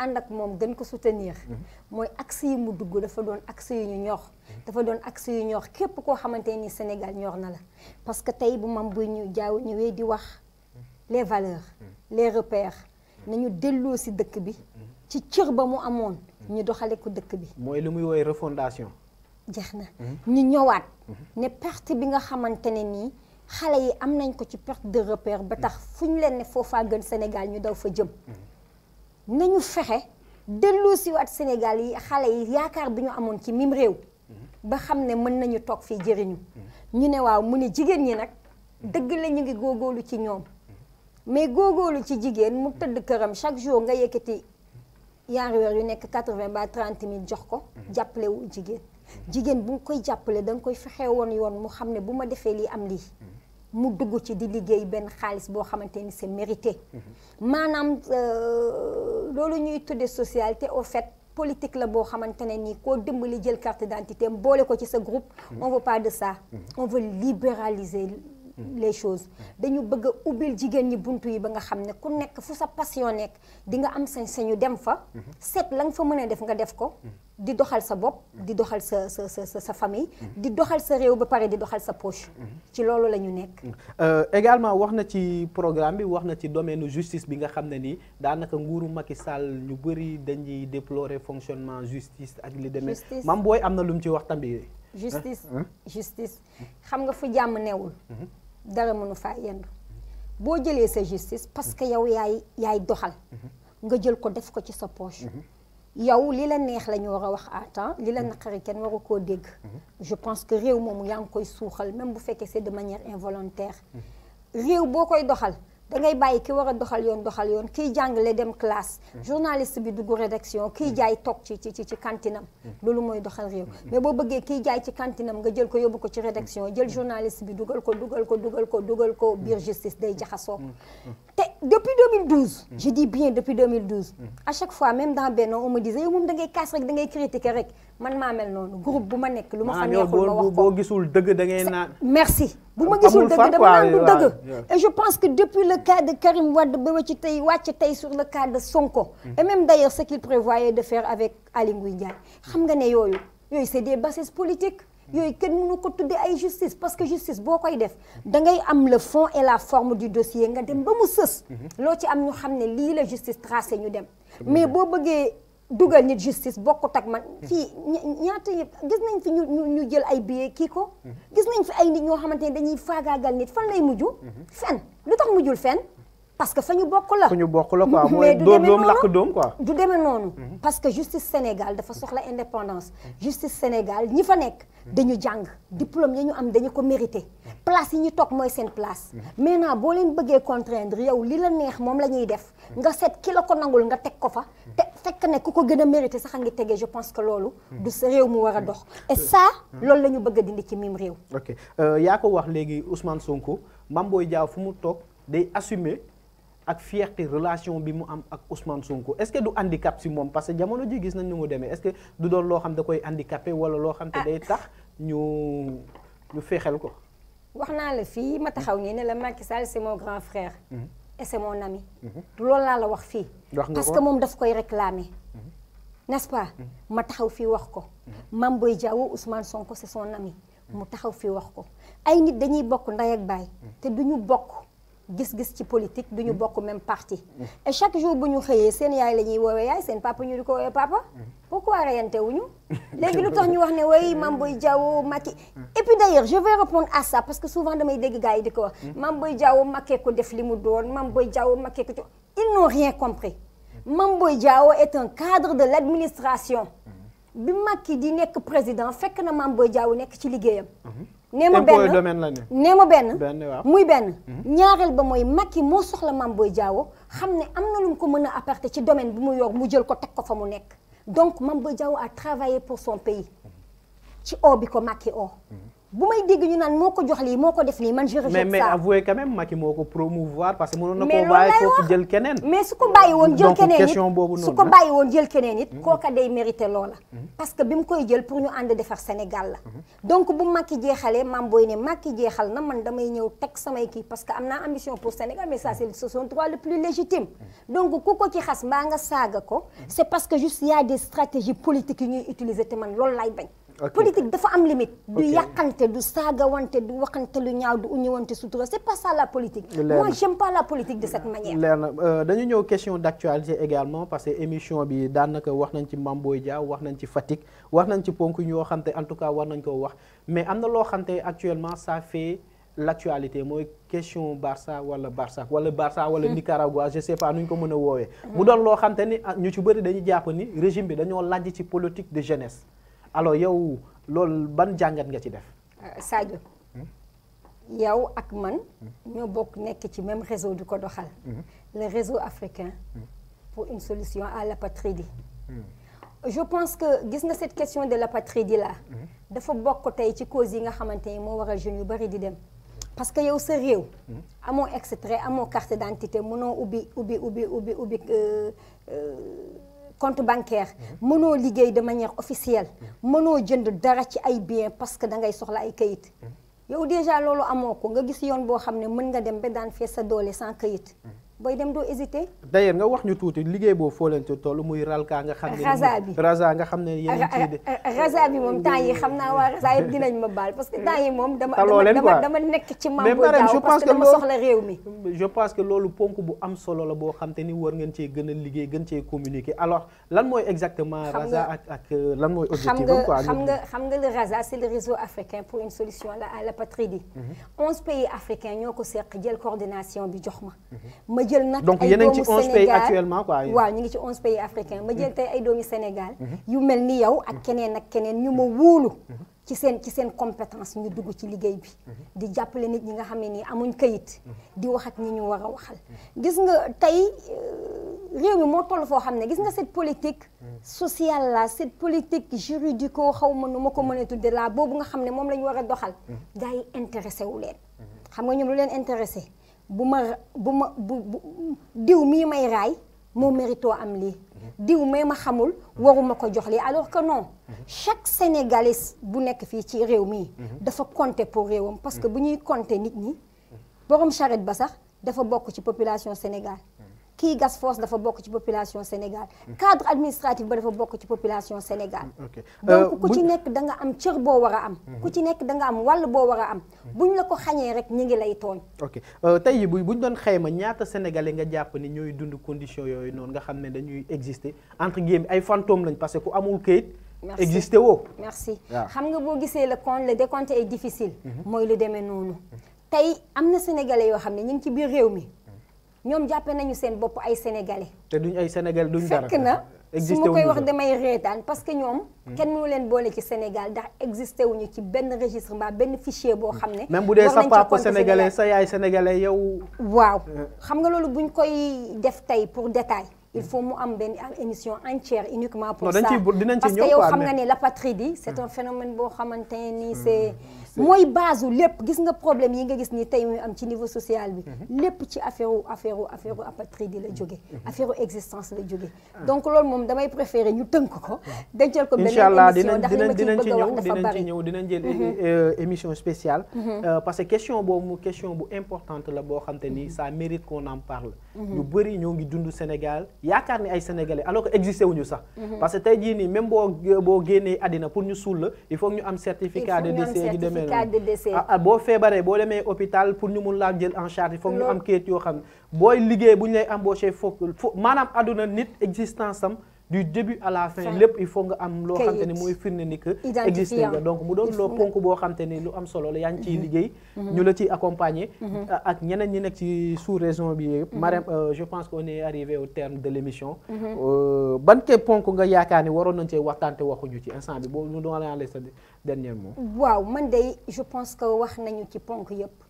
S2: ànd ak moom gën ko soutenir mm-hmm. mooy axe yi mu dugg dafa doon axe yu ñu ñor mm-hmm. dafa doon axe yu ñor képp koo xamante ni Sénégal ñor na la parce que tey bu mam bu ñu jaaw wee di wax mm-hmm. les valeurs les repères nañu delloo si dëkk bi ci cër ba mu amoon ñu doxale ko dëkk bi
S1: mooy lu muy woy refondation
S2: jeex na ñu ñëwaat ne perte bi nga xamante ne nii xale yi am nañ ko ci perte de repère ba tax fu ñu leen ne foofaa gën Sénégal ñu daw fa jëm nañu fexe delloo siwaat Sénégal yi xale yi yaakaar bi ñu amoon ci mim réew ba xam ne mën nañu toog fii jëriñu ñu ne waaw mu ne jigéen ñi nag dëgg la ñu ngi góogóolu ci ñoom mais góogóolu ci jigéen mu tëdd këram chaque jour nga yëkkati yaar yu nekk quatre-vingt ba trente mille jox ko jàppale wu jigéen jigéen bu nga koy jàppale da koy fexe woon yoon mu xam ne bu ma defee lii am lii mu dugg ci di liggéey benn xaalis boo xamante ni c'est mérité maanaam euh, loolu ñuy tudde socialité au fait politique la boo xamante ne nii koo dimbali jël carte d'identité boole ko ci sa group mm. on veut pas de sa mm. on veut libéraliser les choses dañu bëgg ubbil jigéen ñi bunt yi ba nga xam ne ku nekk fu sa passion nekk di nga am sañ-sañu dem fa set la nga fa mën def nga def ko di doxal sa bopp di doxal sa sa sa sa famille di doxal sa réew ba pare di doxal sa poche ci loolu la ñu nekk
S1: euh, également wax na ci programme bi wax na ci domaine justice bi nga xam ne nii daanaka nguuru Macky ñu bëri dañuy déplorer fonctionnement justice ak li demee mam booy am na lu mu ci wax tambi justice justice
S2: xam nga fu jàmm newul mhm. dara mënu faa yendu boo jëlee sa justice parce que yow yaay yaay doxal nga jël ko def ko ci sa poche yow li la neex la ñu war a wax à temps li la naqari kenn waru koo dégg je pense que réew moomu yaa ngi koy suuxal même bu fekkee c'est de manière involontaire réew boo koy doxal da ngay bàyyi ki war a doxal yoon doxal yoon kiy jàngale dem classe. Mm-hmm. journaliste bi dugg rédaction kiy mm-hmm. jaay toog ci ci ci ci kantinam. Mm-hmm. loolu mooy doxal réew mais boo bëggee kiy jaay ci kantinam nga jël ko yóbbu ko ci rédaction jël journaliste bi dugal ko dugal ko dugal ko dugal ko biir justice day jaxasoo te depuis 2012. Mmh. je dis bien depuis à chaque fois même dans Benno on me disait yow moom da kaas rek da ngay critiquer rek man maa noonu groupe bu ma nekk lu ma fa neexul ma wax ko
S1: boo gisul dëgg da naan.
S2: merci bu ma gisul dëgg dama naan du dëgg. et je pense que depuis le cas de Karim Wade ba ma ci tey wàcc sur le cas de Sonko. et même d' ailleurs ce qu'il prévoyait de faire avec Aly Ngouille xam nga ne yooyu yooyu c' est des bases yooyu kenn mënu ko tuddee ay justice parce que justice boo koy def dangay am le fond et la forme du dossier nga dem ba mu sës. Mhm. loo ci am ñu xam ne lii la justice tracé ñu dem. mais boo bëggee dugal nit justice bokkut ak man. Mhm. fii ñaata yëpp gis nañ fi ñu ñu jël ay billets kii ko. Mhm. gis nañ fi ay nit ñoo xamante ne dañuy faagaagal nit fan lay mujj. fen lu tax mujjul fen parce que fa ñu bokk la. fa ñu bokk la quoi [laughs] mooy doom doom lakk doom quoi. du demee noonu. Mhm. parce que justice Sénégal dafa soxla indépendance. Mhm. justice Sénégal ñi fa nekk. Mhm. dañu jàng diplôme ya ñu am dañu ko mérité. place yi ñu toog mooy seen place. maintenant boo leen bëggee contraindre yow li la neex moom la ñuy def. nga seet ki la ko nangul nga teg ko fa. te fekk ne ku ko gën a mérité sax a ngi tegee je pense que loolu. du réew mu war a dox. et ça loolu la ñu bëgg a dindi ci mim réew.
S1: ok euh, yaa ko wax léegi Ousmane Sonko Mame Boye Diao fu mu toog day assumer. ak fierté relation bi mu am ak Ousmane Sonko est-ce que du handicap si moom parce que jamono ji gis nañ ni mu demee est-ce que du doon loo xam da koy handicapé wala loo xam te ah. day tax ñu ñu fexeel ko.
S2: wax naa la fii ma taxaw nii ne la Macky Sall c'est mon grand frère. Mhm. et c'est mhm. loolu laa la wax fii. parce que moom daf koy réclamer. Mhm. n'est-ce pas ma taxaw fii wax ko Mame Boye Diao Ousmane Sonko c'est son ami mu taxaw fii wax ko ay nit dañuy bokk ndey ak baay te duñu bokk gis-gis ci politique du ñu mm. bokk même parti. Mm. et chaque jour bu ñu xëyee seen yaay la ñuy woowee yaay seen papa ñu di ko woowee papa. Mm. pourquoi rayante wuñu [laughs] léegi lu tax ñu wax ne way Mame Boye Diao Macky et puis d'ailleurs je vais répondre à ça parce que souvent damay dégg gars yi di ko wax. Mame Boye Diao Macky ko def li mu doon Mame Boye Diao Macky ko ils n'ont rien compris Mame Boye Diao est un cadre de l'administration. bi Macky di nekk président fekk na Mame Boye Diao nekk ci liggéeyam. Mm-hmm. neema benn la neema benn muy benn mhm. ñaareel ba mooy Macky moo soxla Mame Boye Diao xam ne am na lu mu ko mën a apporter ci domaine bi mu yor mu jël ko teg ko fa mu nekk donc Mame Boye Diao a travaillé pour son pays ci o bi ko Macky o mhm. bu may dégg ñu naan moo ko jox lii moo ko def nii man je rejette ça mais mais
S1: avouez quand même Macky moo ko promouvoir parce que mënoon na koo bàyyi foofu jël keneen mais su woon jël keneen it su ko bàyyi
S2: woon kooka day mérité loola mm-hmm. parce que bi mu koy jël pour ñu ànd defar Sénégal la mm-hmm. donc bu Macky jeexalee maam booy ne Macky jeexal na man damay ñëw teg samay kii parce que am naa ambition pour Sénégal mais ça c'est son droit le plus légitime mm-hmm. donc ku ko ci xas mbaa nga saaga ko c'est parce que juste y a des stratégies politiques yu ñuy utiliser te politique dafa am limite. du yàqante du saagawante du waxante lu ñaaw du uñëwante sutura c'est pas ça la politique. moi j'aime pas la politique de cette manière.
S1: leer na euh, dañu ñëw question d'actualité également parce que émission bi daanaka wax nañ ci Mamboy Dia wax nañ ci Fatick wax nañ ci ponk ñoo xam te en tout cas war nañ koo wax mais am na loo xam te actuellement sa fait. l'actualité mooy question Barça wala Barça wala Barça wala hmm. Nicaragua je sais pas ko mën a woowee. Hmm. mu doon loo xam te ni ah, ñu ci bëri dañu jàpp ni régime bi dañoo lajj ci politique de jeunesse. alors yow loolu ban jàngat nga ci def.
S2: Euh, Sadio. yow ak man. ñoo bokk nekk ci même réseau di ko doxal. le réseau africain. pour une solution à l'apatridie. je pense que gis nga cette question de la l'apatridie là. dafa bokk tey ci cause yi nga xamante ni moo war a jeunes yu bari di dem. parce que yow sa réew. amoo extrait amoo carte d'identité mënoo ubbi ubbi ubbi ubbi ubbi. Euh, euh, compte bancaire mënoo liggéey de manière officielle mënoo jënd dara ci ay biens parce que da ngay soxla ay kayit hmm. yow déjà loolu amoo ko nga gis yoon boo xam ne mën nga dem ba daan fee sa doole san kayit hmm. booy dem doo hésité
S1: d'ailleurs nga wax ñu tuuti liggéey boobu foo leen muy ralka nga xam ne raza bi raza nga xam ne yéen
S2: ci bi moom temps yi xam naa waa raza yëpp dinañ ma baal parce que temps yi moom dama nekk ci mam bo daaw parce que dama soxla
S1: réew mi je am solo ni war ngeen cee gën liggéey gën cee communiquer alors lan mooy exactement raza euh, lan mooy objectif nga xam
S2: nga le raza c'est le réseau africain pour une solution à mhm. ko seq bi jox ma mhm. jël nag donc yéen a ci onze pays actuellement quoi ñu ngi ci onze pays africains ma ay doomi Sénégal yu mel ni yow ak keneen ak keneen ñu ma wóolu ci seen ci seen compétence ñu dugg ci liggéey bi di jàppale nit ñi nga xam ne nii amuñ kayit di wax ak ñi ñu war a waxal gis nga tey euh, réew mi moo toll foo xam ne gis nga cette politique sociale la cette politique juridico xaw ma nu ma ko mën a tudde la boobu nga xam ne moom la ñu war a doxal gars yi wu leen xam nga ñoom lu leen intéressé bu ma bu ma bu diw mii may raay moo mérito am lii diw may ma xamul waruma ko jox lii alors que no chaque sénégalais bu nekk fii ci réew mii dafa compter pour réewam parce que bu ñuy compter nit ñi borom charrette ba sax dafa bokk ci population Sénégal kii gas force dafa bokk ci population Sénégal cadre administratif ba dafa bokk ci population Sénégal mm, donc euh, ku ci nekk da nga am cër boo war a am mm-hmm. ku ci nekk da nga am wàll boo war a am bu mm-hmm. buñ la ko xañee rek ñu ngi lay tooñ
S1: ok euh, tey yi bu ñu doon xayma ñaata sénégalais nga jàpp ni ñooy dund condition yooyu noonu nga xam ne dañuy exister entre guillemets ay fantôme lañ parce que ku amul kayit
S2: existé woo merci xam nga boo gisee le compte le décompte est difficile mm-hmm. mooy lu demee noonu tey am na sénégalais yoo xam ne ñu ngi ci biir réew mi ñoom jàppee nañu seen bopp ay sénégalais.
S1: te duñ ay sénégalais duñ dara fekk na. su ma koy wax
S2: damay reetaan parce que ñoom hmm. kenn moo leen boole ci Sénégal ndax existé wuñu ci benn registre mbaa benn ficier boo xam ne même bu dee sa papa sénégalais sa
S1: yaay sénégalais yow waaw euh.
S2: xam nga loolu bu ñu koy def tey pour détail il faut mu am benn émission entière uniquement pour ça parce que yow xam nga ne l'apatridie c'est un boo xamante ni hmm, c'est mooy base lépp gis nga problème yi nga gis ni tey muy am ci niveau social bi hmm. lépp ci affaire u affaire u affaire u apatridie la hmm. jóge affaire u existence ah. donc loolu moom damay préférer ñu tënk ko dencal ko benn émission ndax li ma ci bëgg a bari ñëw dinañ jël
S1: émission spéciale euh, parce que question boobu question bu importante la boo xam te ni ça mérite qu'on en parle ñu bëri ñoo ngi dund Sénégal yaakaar ni ay sénégalais alors que existé wuñu sax mhm. parce que tey jii nii même boo boo génnee àddina pour ñu suul la il faut ñu am certificat de décès ji demee
S2: noonu boo
S1: feebaree boo demee hôpital pour ñu mun laa jël en charge il faut ñu am kayit yoo xam ne booy liggéey bu ñu lay embauché foog maanaam àdduna nit existence am du début à la fin lépp il faut nga am loo xamante ni mooy firnde ni que existé nga donc mu doon loo ponk boo xamante ni lu am solo la yaa ngi ciy mhm. liggéey mhm. ñu la ci accompagner mhm. ak ñeneen ñi nekk ci sous région bi yëpp Marème euh, je pense qu'on est arrivé au terme de l'émission euh, ban kay ponk nga yaakaar ni waroon nañ cee waxtaan te waxuñu ci instant bi boo ñu doon laale sa dernier mot
S2: waaw man day je pense que wax nañu ci ponk yëpp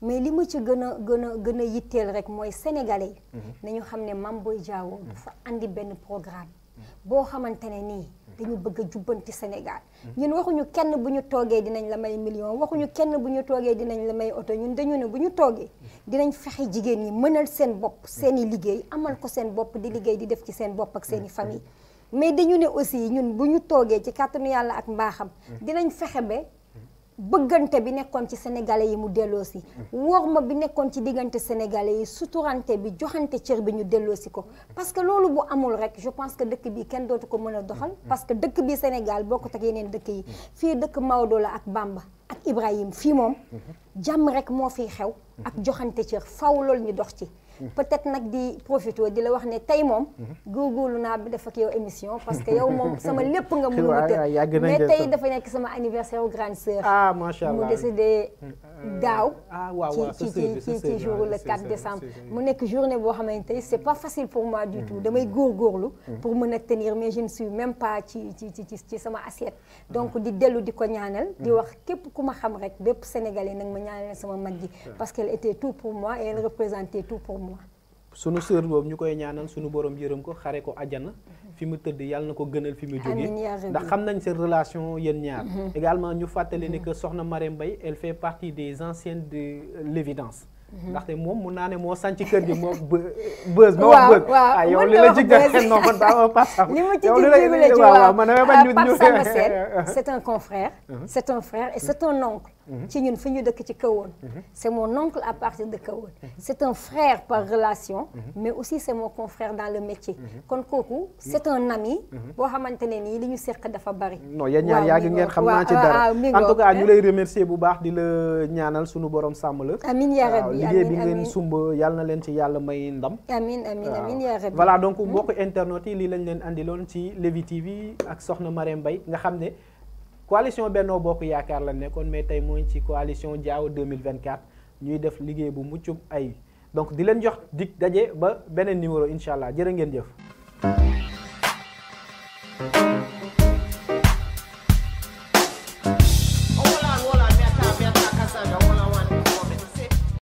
S2: mais li ma ci gën a gën a gën a yitteel rek mooy sénégalais mhm. nañu xam ne Mame Boye Diao mhm. dafa andi benn programme mhm. boo xamante ne nii dañu bëgg a jubbanti Sénégal ñun waxuñu kenn bu ñu toogee dinañ la may million waxuñu kenn bu ñu toogee dinañ la may oto ñun dañu ne bu ñu toogee dinañ fexe jigéen ñi mënal seen bopp seen liggéey amal ko seen bopp di liggéey di def ci seen bopp ak seeni famille mais dañu ne aussi ñun bu ñu toogee ci kàttanu yàlla ak mbaaxam dinañ fexe ba bëggante bi nekkoon ci sénégalais yi mu delloosi worma bi nekkoon ci diggante sénégalais yi suturante bi joxante cër bi ñu delloosi ko parce que loolu bu amul rek je pense que dëkk bi kenn dootu ko mën a doxal parce que dëkk bi Sénégal ko ak yeneen dëkk yi fii dëkk Maodo la ak bàmba ak Ibrahim fii moom jàmm rek moo fiy xew ak joxante cër faw loolu ñu dox ci peut-être nag di profité di la wax ne tey moom góorgóorlu naa bi def ak émission parce que yow moom sama [laughs] lépp nga mu të mais tey dafa nekk sama anniversaire u grande sœur ah macha allah mu décédé euh, daaw ah, ci ci ci ci jour mu nekk journée boo xamante ne c'est pas facile pour moi du mm, tout mm, damay mm. góorgóorlu pour mën a tenir mais je ne suis même pas ci ci ci ci sama assiette donc di dellu di ko ñaanal di wax képp ku ma xam rek bépp sénégalais nag ma ñaanal sama mag ji parce qu'elle était tout pour moi
S1: sunu sœur boobu ñu koy ñaanal sunu borom yërëm ko xare ko àjjana fi mu tëdd yàlla na ko gënal fi mu jógee ndax xam nañ seen relation yéen ñaar mm-hmm. également ñu fàttali ne mm-hmm. que soxna Marème Mbaye elle fait partie des anciennes de l'évidence Mm-hmm. ndaxte moom mun naa ne moo sànci kër gi moo bë bëz. waaw waaw ah, mën na yow li la jig rek [laughs] non man daa Pape Samba. [laughs] li ma ci jig ci waaw man damay bañ ah, ñu Pape [laughs] Samba Sène c'est
S2: un confrère. Uh-huh. c'est un frère et c'est un oncle. Mm-hmm. ci ñun fi ñu dëkk ci Kahone. Mm-hmm. c'est mon oncle à partir de Kahone. c'est un frère par relation. mais aussi c'est mon confrère dans le métier. kon kooku c'est un ami. boo xamante ne nii li ñu seq dafa bari. non yéen ñaar yaa ngi ngeen xam naa ci dara en tout cas ñu lay
S1: remercier bu baax di la ñaanal sunu borom sàmm la. amiin yaa rabbi liggéey bi ngeen sumb yàlla na leen ci yàlla may ndam
S2: amin amin amin yaa donc hmm? mbokk
S1: internet yi lii lañ leen andiloon ci Levi TV ak soxna Marème Mbaye nga xam ne coalition Benno Bokk Yaakaar la nekkoon mais tey mooy ci coalition Diao 2024 ñuy def liggéey bu mucc ay donc di leen jox dig daje ba beneen numéro incha allah jërë ngeen jëf